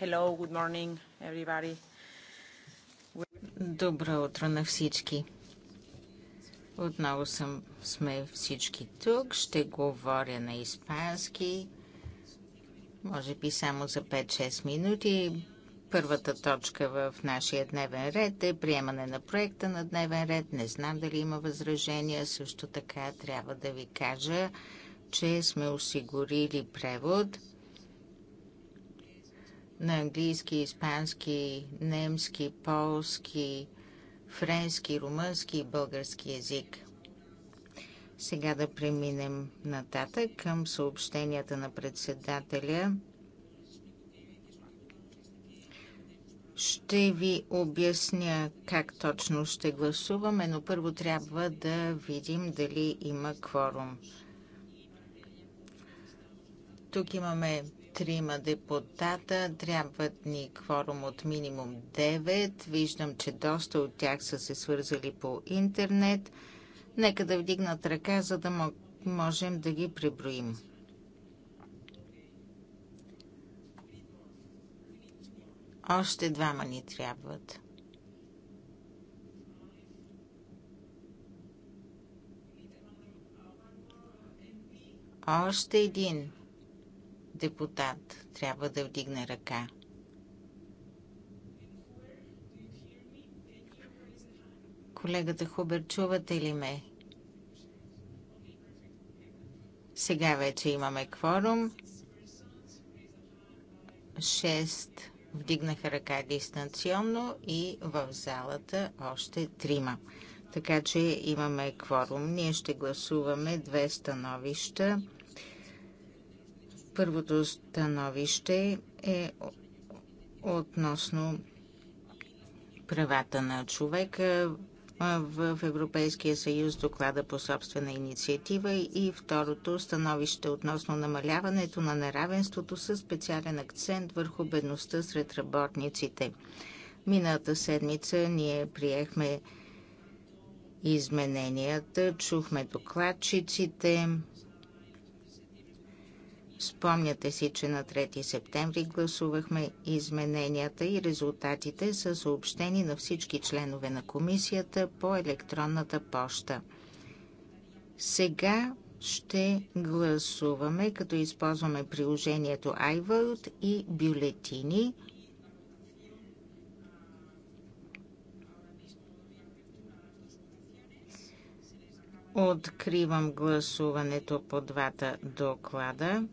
Hello, good morning, everybody. Добро утро на всички. Отново съм, сме всички тук. Ще говоря на испански. Може би само за 5-6 минути. Първата точка в нашия дневен ред е приемане на проекта на дневен ред. Не знам дали има възражения. Също така трябва да ви кажа, че сме осигурили превод – на английски, испански, немски, полски, френски, румънски и български язик. Сега да преминем нататък към съобщенията на председателя. Ще ви обясня как точно ще гласуваме, но първо трябва да видим дали има кворум. Тук имаме трима депутата. Трябват ни кворум от минимум 9. Виждам, че доста от тях са се свързали по интернет. Нека да вдигнат ръка, за да можем да ги преброим. Още двама ни трябват. Още един депутат трябва да вдигне ръка. Колегата Хубер, чувате ли ме? Сега вече имаме кворум. Шест вдигнаха ръка дистанционно и в залата още трима. Така че имаме кворум. Ние ще гласуваме две становища Първото становище е относно правата на човека в Европейския съюз доклада по собствена инициатива и второто становище е относно намаляването на неравенството с специален акцент върху бедността сред работниците. Миналата седмица ние приехме измененията, чухме докладчиците, Спомняте си, че на 3 септември гласувахме измененията и резултатите са съобщени на всички членове на комисията по електронната поща. Сега ще гласуваме, като използваме приложението iVote и бюлетини. Откривам гласуването по двата доклада.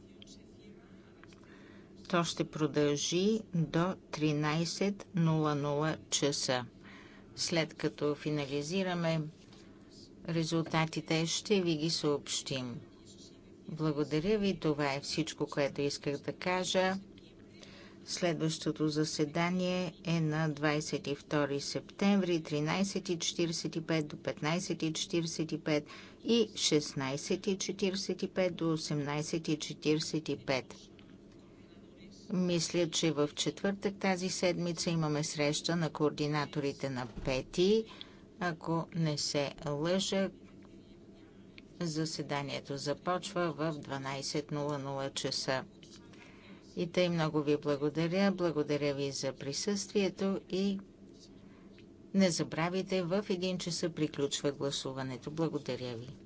То ще продължи до 13.00 часа. След като финализираме резултатите, ще ви ги съобщим. Благодаря ви. Това е всичко, което исках да кажа. Следващото заседание е на 22 септември 13.45 до 15.45 и 16.45 до 18.45. Мисля, че в четвъртък тази седмица имаме среща на координаторите на пети. Ако не се лъжа, заседанието започва в 12.00 часа. И тъй много ви благодаря. Благодаря ви за присъствието и не забравяйте, в един часа приключва гласуването. Благодаря ви.